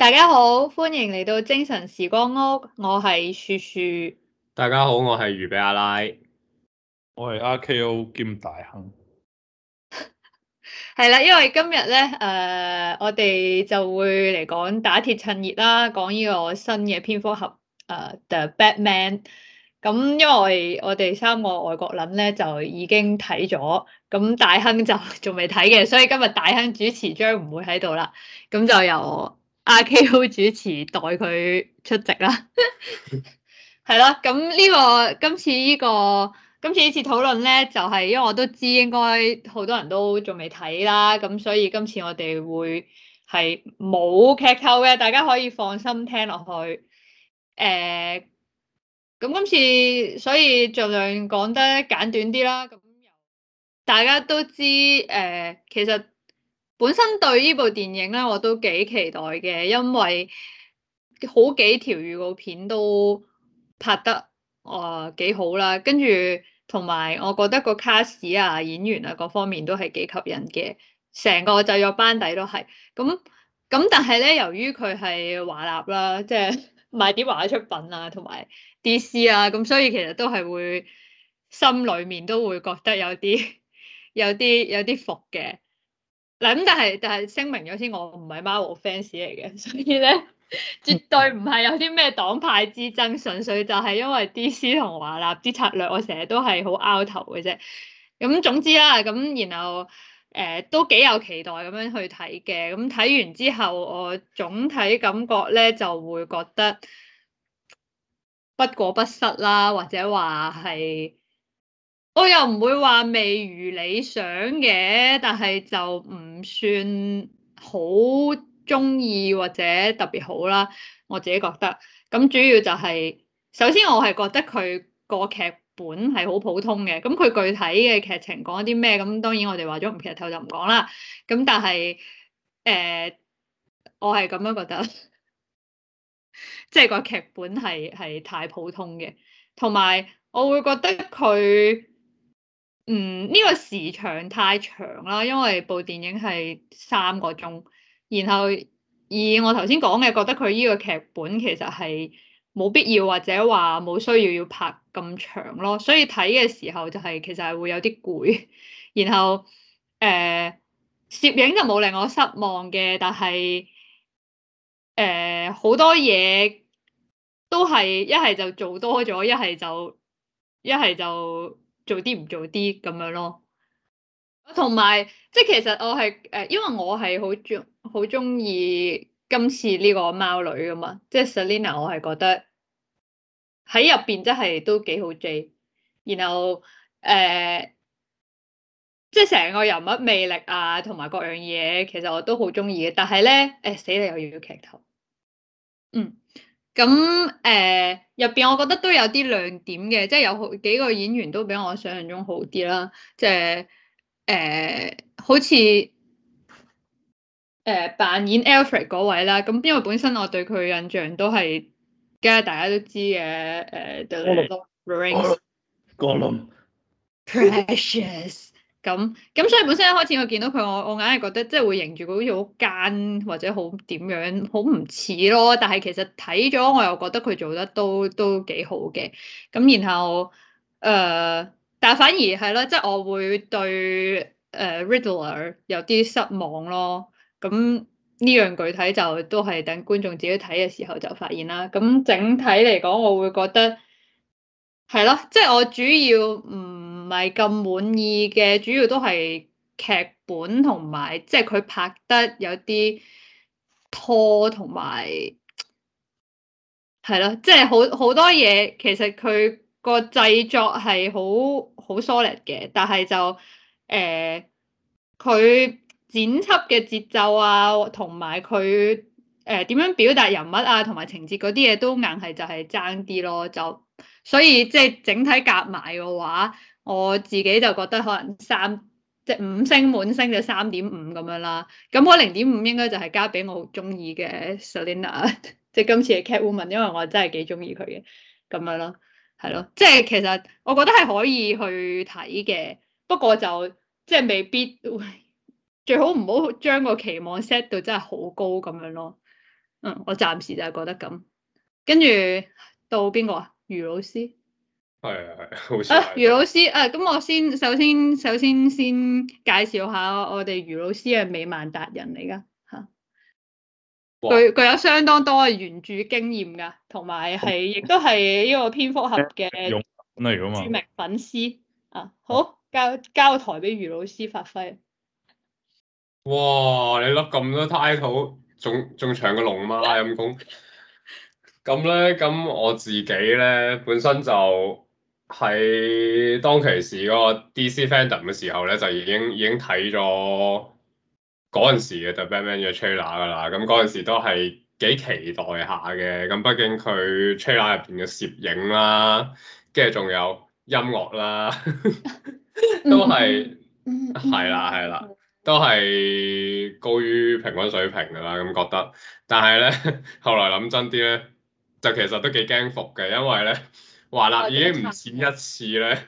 大家好，歡迎嚟到精神時光屋，我係樹樹。大家好，我係魚比阿拉，我係阿 Ko 兼大亨。係啦， 因為今日咧，誒、呃，我哋就會嚟講打鐵趁熱啦，講呢個新嘅蝙蝠俠誒、呃、The Batman。咁因為我哋三個外國人咧就已經睇咗，咁大亨就仲未睇嘅，所以今日大亨主持將唔會喺度啦，咁就由阿 Ko 主持代佢出席啦， 係啦、這個。咁呢個今次呢、這個今次，次討論呢次討論咧，就係、是、因為我都知應該好多人都仲未睇啦，咁所以今次我哋會係冇劇透嘅，大家可以放心聽落去。誒、呃，咁今次所以盡量講得簡短啲啦。咁大家都知誒、呃，其實。本身對呢部電影咧，我都幾期待嘅，因為好幾條預告片都拍得啊、呃、幾好啦，跟住同埋我覺得個卡士 s 啊、演員啊各方面都係幾吸引嘅，成個製作班底都係咁咁。但係咧，由於佢係華納啦，即係賣啲華仔出品啊，同埋 DC 啊，咁所以其實都係會心裡面都會覺得有啲有啲有啲伏嘅。嗱咁，但係但係聲明咗先，我唔係 Marvel fans 嚟嘅，所以咧絕對唔係有啲咩黨派之爭，純粹就係因為 DC 同華納啲策略我，我成日都係好拗頭嘅啫。咁總之啦，咁然後誒、呃、都幾有期待咁樣去睇嘅。咁睇完之後，我總體感覺咧就會覺得不過不失啦，或者話係。我又唔會話未如理想嘅，但係就唔算好中意或者特別好啦。我自己覺得，咁主要就係、是，首先我係覺得佢個劇本係好普通嘅。咁佢具體嘅劇情講啲咩？咁當然我哋話咗唔劇透就唔講啦。咁但係誒、呃，我係咁樣覺得，即 係個劇本係係太普通嘅，同埋我會覺得佢。嗯，呢個時長太長啦，因為部電影係三個鐘，然後以我頭先講嘅，覺得佢呢個劇本其實係冇必要或者話冇需要要拍咁長咯，所以睇嘅時候就係其實係會有啲攰，然後誒攝影就冇令我失望嘅，但係誒好多嘢都係一係就做多咗，一係就一係就。做啲唔做啲咁樣咯，同埋即係其實我係誒、呃，因為我係好中好中意今次呢個貓女㗎嘛，即係 Selina，我係覺得喺入邊真係都幾好 J，然後誒、呃，即係成個人物魅力啊，同埋各樣嘢，其實我都好中意嘅。但係咧，誒、呃、死你又要劇透，嗯。咁誒入邊，呃、面我覺得都有啲亮點嘅，即係有好幾個演員都比我想象中好啲啦。即係誒、呃，好似誒、呃、扮演 Alfred 嗰位啦。咁因為本身我對佢印象都係，梗係大家都知嘅誒、呃、Hey,，The Lord of the Rings Gollum，Precious。咁咁所以本身一開始我見到佢，我我硬係覺得即係會型住佢，好似好奸或者好點樣好唔似咯，但係其實睇咗我又覺得佢做得都都幾好嘅。咁然後誒、呃，但係反而係咯，即係、就是、我會對誒、呃、Riddler 有啲失望咯。咁呢樣具體就都係等觀眾自己睇嘅時候就發現啦。咁整體嚟講，我會覺得係咯，即係、就是、我主要唔，嗯唔係咁滿意嘅，主要都係劇本同埋，即係佢拍得有啲拖，同埋係咯，即係、就係、好好多嘢。其實佢個製作係好好 solid 嘅，但係就誒佢、呃、剪輯嘅節奏啊，同埋佢誒點樣表達人物啊，同埋情節嗰啲嘢都硬係就係爭啲咯。就所以即係整體夾埋嘅話。我自己就覺得可能三即係五星滿星就三點五咁樣啦，咁我零點五應該就係交俾我好中意嘅 Selena， 即係今次嘅 Catwoman，因為我真係幾中意佢嘅咁樣咯，係咯，即係其實我覺得係可以去睇嘅，不過就即係未必最好唔好將個期望 set 到真係好高咁樣咯。嗯，我暫時就係覺得咁，跟住到邊個啊？余老師。係係好犀利，啊。余老師，誒、啊，咁我先首先首先先介紹下我哋余老師係美漫達人嚟噶吓，佢佢哇有相當多嘅原著經驗噶，同埋係亦都係呢個蝙蝠俠嘅知名粉絲啊。好，交交台俾余老師發揮。哇！你笠咁多 title，仲仲長個龍嗎？陰功。 咁咧，咁我自己咧本身就。係當其時嗰個 DC Fandom 嘅時候咧，就已經已經睇咗嗰陣時嘅 The Batman 嘅 trailer 噶啦。咁嗰陣時都係幾期待下嘅。咁畢竟佢 trailer 入邊嘅攝影啦，跟住仲有音樂啦， 都係係啦係啦，都係高於平均水平噶啦。咁覺得，但係咧後來諗真啲咧，就其實都幾驚服嘅，因為咧。華納已經唔剪一次咧，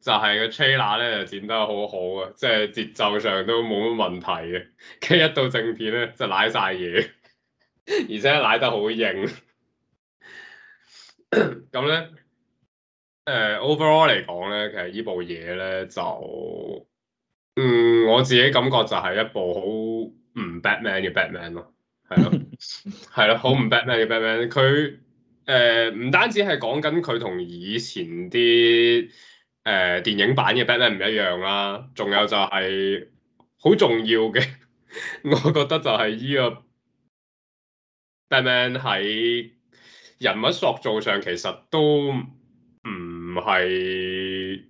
就係、是、個 trailer 咧就剪得好好啊，即、就、係、是、節奏上都冇乜問題嘅。跟一到正片咧就舐晒嘢，而且舐得好型。咁咧，誒、 呃、overall 嚟講咧，其實依部嘢咧就，嗯，我自己感覺就係一部好唔 Batman 嘅 Batman 咯、啊，係咯、 啊，係咯，好唔 Batman 嘅 Batman，佢，誒唔、呃、單止係講緊佢同以前啲誒、呃、電影版嘅 Batman 唔一樣啦，仲有就係好重要嘅，我覺得就係依個 Batman 喺人物塑造上其實都唔係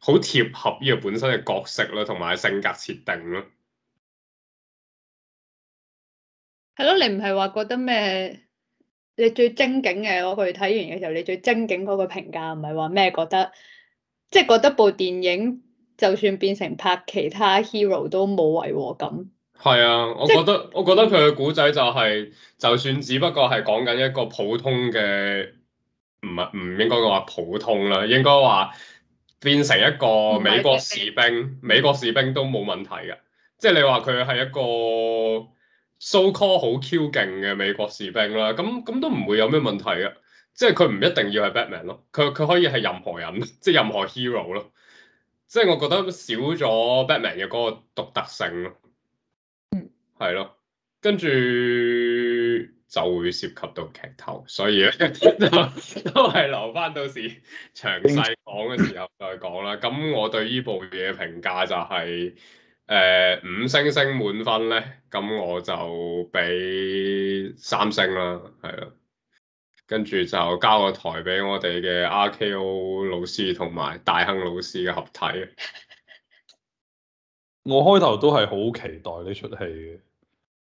好貼合呢個本身嘅角色啦，同埋性格設定咯。係咯，你唔係話覺得咩？你最精警嘅，我去睇完嘅時候，你最精警嗰個評價唔係話咩？覺得即係覺得部電影就算變成拍其他 hero 都冇違和感。係啊，我覺得即我覺得佢嘅古仔就係、是，就算只不過係講緊一個普通嘅，唔係唔應該話普通啦，應該話變成一個美國士兵，美國士兵都冇問題㗎。即係你話佢係一個。s o、so、call 好 Q 勁嘅美國士兵啦，咁咁都唔會有咩問題啊。即係佢唔一定要係 Batman 咯，佢佢可以係任何人，即係任何 hero 咯，即係我覺得少咗 Batman 嘅嗰個獨特性咯，嗯，係咯，跟住就會涉及到劇透，所以 都係留翻到時詳細講嘅時候再講啦。咁我對呢部嘢嘅評價就係、是。誒、呃，五星星滿分咧，咁我就俾三星啦，係啦，跟住就交個台俾我哋嘅 RKO 老師同埋大亨老師嘅合體。我開頭都係好期待呢出戲嘅，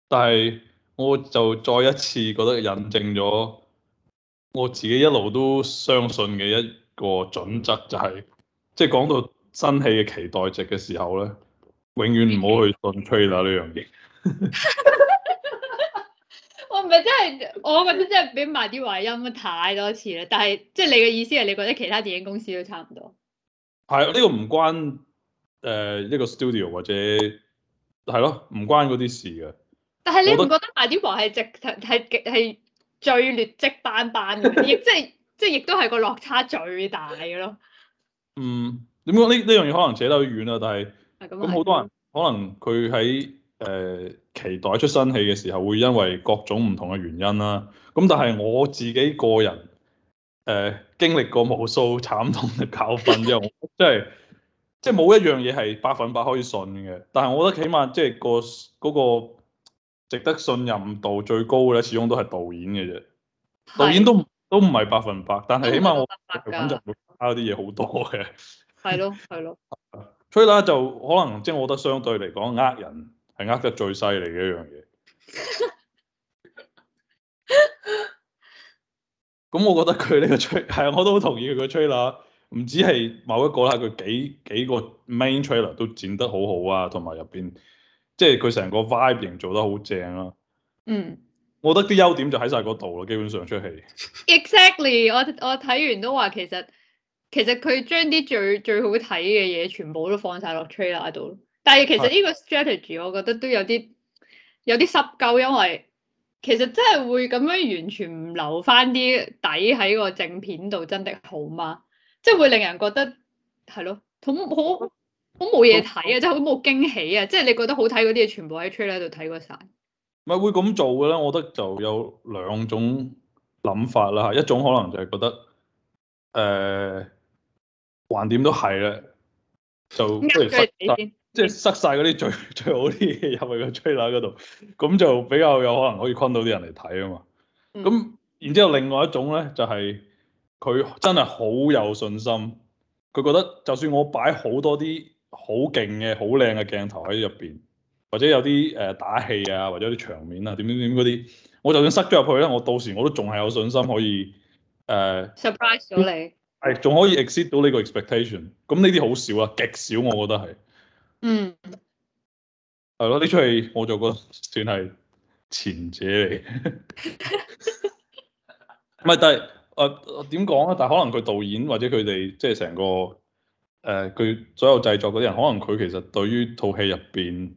但係我就再一次覺得印證咗我自己一路都相信嘅一個準則、就是，就係即係講到新戲嘅期待值嘅時候咧。永遠唔好去信吹啦呢樣嘢。我唔係真係，我覺得真係俾埋啲壞音咁太多次啦。但係即係你嘅意思係，你覺得其他電影公司都差唔多？係啊，呢個唔關誒一個 studio 或者係咯，唔關嗰啲事嘅。但係你唔覺得埋啲壞係直係係係最劣跡斑斑，亦即係即係亦都係個落差最大嘅咯？嗯，點講呢？呢樣嘢可能扯得好遠啊，但係。咁好多人可能佢喺誒期待出新戲嘅時候，會因為各種唔同嘅原因啦。咁但係我自己個人誒、呃、經歷過無數慘痛嘅教訓之後，即係即係冇一樣嘢係百分百可以信嘅。但係我覺得起碼即係、嗰個嗰、嗰個、值得信任度最高咧，始終都係導演嘅啫。的導演都都唔係百分百，但係起碼我揾的就唔會差嗰啲嘢好多嘅。係咯，係咯。吹啦，就可能即係我覺得相對嚟講，呃、人係呃得最犀利嘅一 樣嘢。咁我覺得佢呢個吹係、嗯，我都好同意佢嘅吹啦。唔止係某一個啦，佢幾幾個 main trailer 都剪得好好啊，同埋入邊即係佢成個 vibe 營造得好正咯、啊。嗯，我覺得啲優點就喺晒嗰度咯，基本上出戲。Exactly，我我睇完都話其實。其實佢將啲最最好睇嘅嘢，全部都放晒落 trailer 度。但係其實呢個 strategy，的我覺得都有啲有啲濕鳩，因為其實真係會咁樣完全唔留翻啲底喺個正片度，真的好嗎？即係會令人覺得係咯，好好好冇嘢睇啊！即係好冇驚喜啊！即係你覺得好睇嗰啲嘢，全部喺 trailer 度睇過晒。咪會咁做嘅咧？我覺得就有兩種諗法啦，一種可能就係覺得誒。呃橫掂都係啦，就即係塞晒嗰啲最 最好啲嘢入去個 trailer 嗰度，咁就比較有可能可以困到啲人嚟睇啊嘛。咁 然之後另外一種咧就係、是、佢真係好有信心，佢覺得就算我擺好多啲好勁嘅、好靚嘅鏡頭喺入邊，或者有啲誒打戲啊，或者啲場面啊，點點點嗰啲，我就算塞咗入去咧，我到時我都仲係有信心可以誒 surprise 咗你。係仲可以 exceed 到呢個 expectation，咁呢啲好少啊，極少、啊，我覺得係。嗯。係咯，呢出戲我就覺得算係前者嚟。唔 係，但係誒點講咧？但係可能佢導演或者佢哋即係成個誒佢、啊、所有製作嗰啲人，可能佢其實對於套戲入邊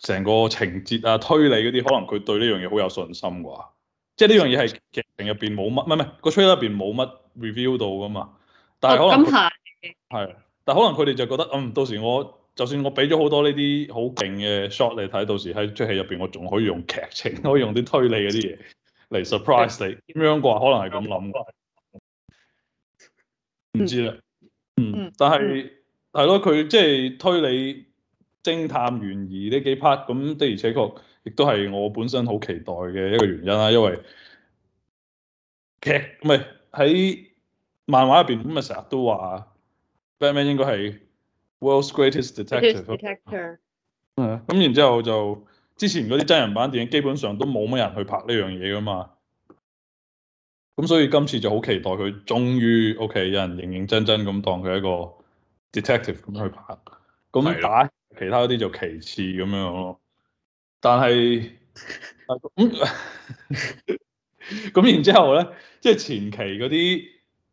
成個情節啊、推理嗰啲，可能佢對呢樣嘢好有信心啩、啊。即係呢樣嘢係劇情入邊冇乜，唔係唔係個 trailer 入邊冇乜 reveal 到噶嘛，但係可能係，係、啊嗯，但係可能佢哋就覺得，嗯，到時我就算我俾咗好多呢啲好勁嘅 shot 嚟睇，到時喺出戲入邊我仲可以用劇情，可以用啲推理嗰啲嘢嚟 surprise 你，咁樣啩，可能係咁諗，唔知咧，嗯，嗯，但係係咯，佢即係推理。偵探懸疑呢幾 part 咁的而且確，亦都係我本身好期待嘅一個原因啦。因為劇唔係喺漫畫入邊咁咪成日都話 Batman 應該係 World’s Greatest Detective Greatest Detector。嗯，咁然之後就之前嗰啲真人版電影基本上都冇乜人去拍呢樣嘢噶嘛，咁所以今次就好期待佢終於 OK 有人認認真真咁當佢一個 detective 咁去拍，咁打。其他嗰啲就其次咁樣咯，但係咁 然之後咧，即、就、係、是、前期嗰啲、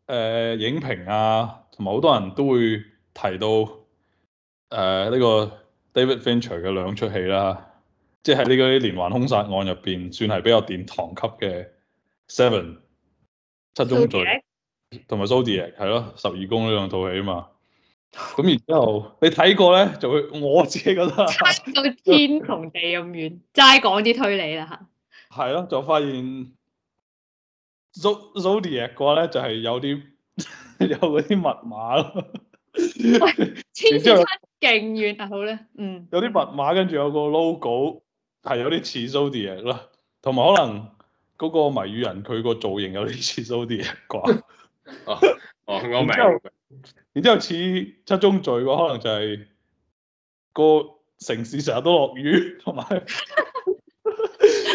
呃、影評啊，同埋好多人都會提到誒呢、呃這個 David Fincher 嘅兩出戲啦，即係喺呢嗰啲連環兇殺案入面，算係比較殿堂級嘅 Seven 七宗罪同埋 Zodiac，係咯，十二宮呢兩套戲啊嘛。咁然之後，你睇過咧，就會我自己覺得差到天同地咁遠，齋講啲推理啦吓。係咯，就發現 Zodiac 嘅話咧，就係、係、有啲 有啲密碼咯。 然之後勁遠啊，好咧，嗯。有啲密碼，跟住有個 logo 係有啲似 Zodiac 啦，同埋可能嗰個謎語人佢個造型有啲似 Zodiac 啩。 哦，我明。然之後似七宗罪嘅可能就係個城市成日都落雨，同埋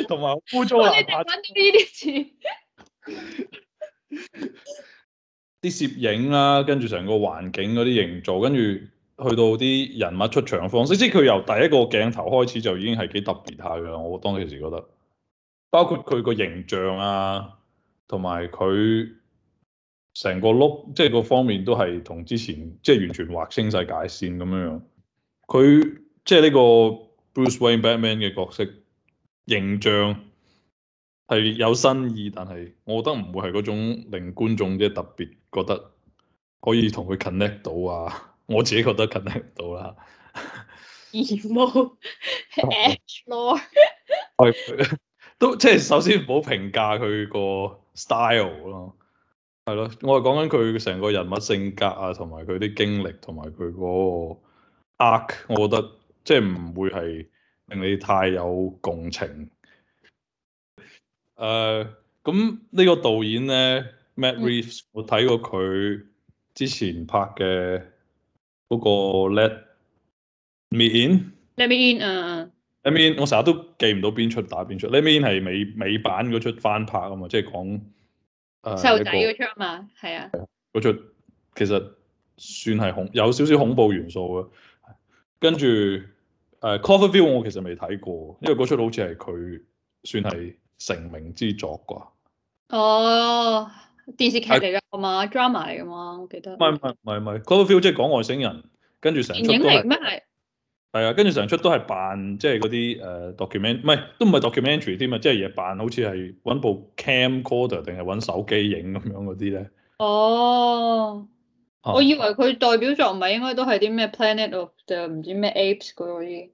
同埋好枯燥嘅畫面呢啲字。啲攝影啦、啊，跟住成個環境嗰啲營造，跟住去到啲人物出場方式，即係佢由第一個鏡頭開始就已經係幾特別下嘅。我當其時覺得，包括佢個形象啊，同埋佢。成個 look 即係各方面都係同之前，即係完全劃清曬界線咁樣樣。佢即係呢個 Bruce Wayne Batman 嘅角色形象係有新意，但係我覺得唔會係嗰種令觀眾即係特別覺得可以同佢 connect 到啊。我自己覺得 connect 唔到啦、啊。二無 Edge 咯，都即係首先唔好評價佢個 style 咯。係咯，我係講緊佢成個人物性格啊，同埋佢啲經歷，同埋佢嗰個 arc，我覺得即係唔會係令你太有共情。誒，咁呢個導演咧，Matt Reeves，嗯、我睇過佢之前拍嘅嗰個 Let Me In。Let Me In 啊、uh。Let Me In，我成日都記唔到邊出打邊出。Let Me In 係美美版嗰出翻拍啊嘛，即係講。細路仔嗰出啊嘛，係啊，嗰出個、啊、其實算係恐有少少恐怖元素嘅，跟住誒《啊、Cover View》我其實未睇過，因為嗰出好似係佢算係成名之作啩。哦，電視劇嚟噶嘛，drama 嚟噶嘛，我記得。唔係唔係唔係，《Cover View》即係講外星人，跟住成。電影嚟咩？係啊，跟住成出都係扮，即係嗰啲誒 document 唔係，呃嗯、都唔係 documentary 添啊，即係嘢扮，好似係揾部 camcorder 定係揾手機影咁樣嗰啲咧。哦，我以為佢代表作唔係應該都係啲咩 Planet of the 唔知咩 apes 嗰啲。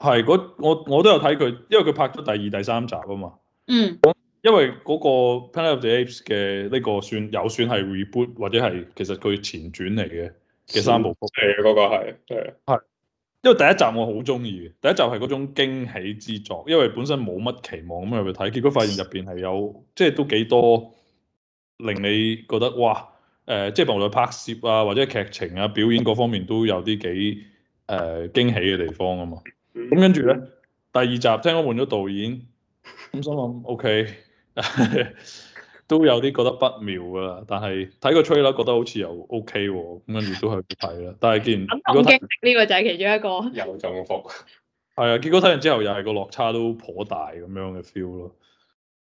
係，我我都有睇佢，因為佢拍咗第二、第三集啊嘛。嗯。因為嗰個 Planet of the Apes 嘅呢個算有算係 reboot 或者係其實佢前傳嚟嘅嘅三部曲。係啊，嗰個係係。因為第一集我好中意，第一集係嗰種驚喜之作，因為本身冇乜期望咁入去睇，結果發現入邊係有，即係都幾多令你覺得哇，誒、呃，即係無論拍攝啊，或者劇情啊、表演各方面都有啲幾誒、呃、驚喜嘅地方啊嘛。咁、嗯、跟住咧，第二集聽講換咗導演，咁心諗 OK。Okay 都有啲覺得不妙噶啦，但係睇個 trailer，a 覺得好似又 OK 喎，咁跟住都去睇啦。但係見如果呢、呢個就係其中一個又就複，係啊， 結果睇完之後又係個落差都頗大咁樣嘅 feel 咯。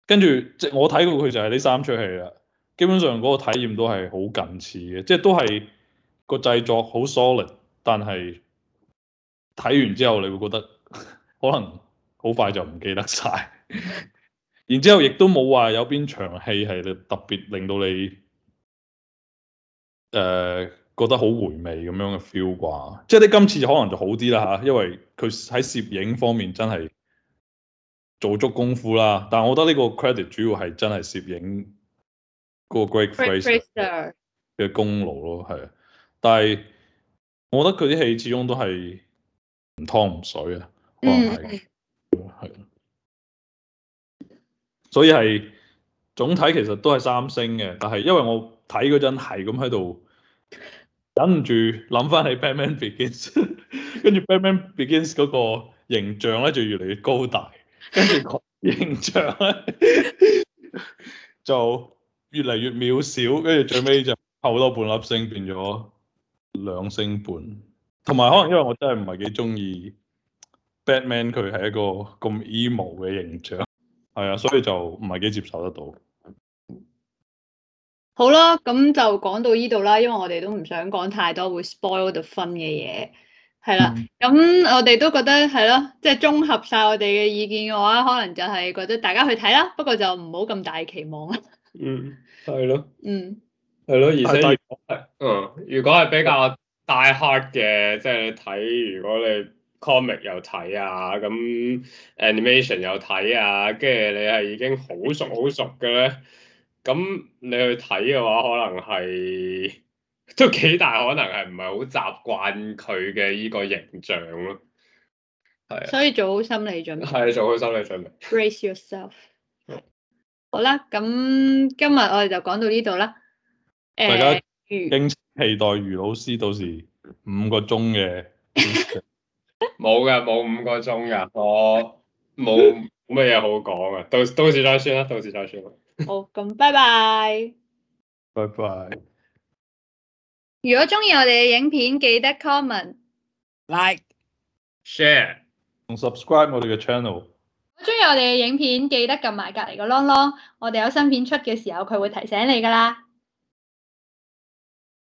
跟住即我睇過佢就係呢三出戲啦，基本上嗰個體驗都係好近似嘅，即係都係個製作好 solid，但係睇完之後，你會覺得可能好快就唔記得晒。 然之後，亦都冇話有邊場戲係特別令到你誒、呃、覺得好回味咁樣嘅 feel 啩？即係你今次就可能就好啲啦嚇，因為佢喺攝影方面真係做足功夫啦。但係我覺得呢個 credit 主要係真係攝影嗰個 Greig Fraser 嘅功勞咯，係。但係我覺得佢啲戲始終都係唔湯唔水啊，可能係。嗯所以係總體其實都係三星嘅，但係因為我睇嗰陣係咁喺度，忍唔住諗翻起 Batman Begins，跟 住 Batman Begins 嗰個形象咧就越嚟越高大，跟住形象咧 就越嚟越渺小，跟住最尾就後多半粒星變咗兩星半，同埋可能因為我真係唔係幾中意 Batman 佢係一個咁 emo 嘅形象。係啊，所以就唔係幾接受得到。好咯，咁就講到依度啦，因為我哋都唔想講太多會 spoil the fun 嘅嘢。係啦，咁、嗯、我哋都覺得係咯，即係綜合晒我哋嘅意見嘅話，可能就係覺得大家去睇啦，不過就唔好咁大期望啦。嗯，係咯。嗯，係咯的，的而且，的嗯，如果係比較 die hard 嘅，即、就、係、是、你睇，如果你。Comic 又睇啊，咁 animation 又睇啊，跟住你係已經好熟好熟嘅咧，咁你去睇嘅話，可能係都幾大可能係唔係好習慣佢嘅呢個形象咯，係所以做好心理準備，係做好心理準備，brace yourself 好。好，好啦，咁今日我哋就講到呢度啦。大家、呃、經期待余老師到時五個鐘嘅。 冇噶，冇五個鐘噶，我冇冇乜嘢好講噶！到到時再算啦，到時再算啦。好，咁拜拜，拜拜。如果中意我哋嘅影片，記得 comment、like、share 同 subscribe 我哋嘅 channel。中意我哋嘅影片，記得撳埋隔籬個 long long 我哋有新片出嘅時候，佢會提醒你噶啦。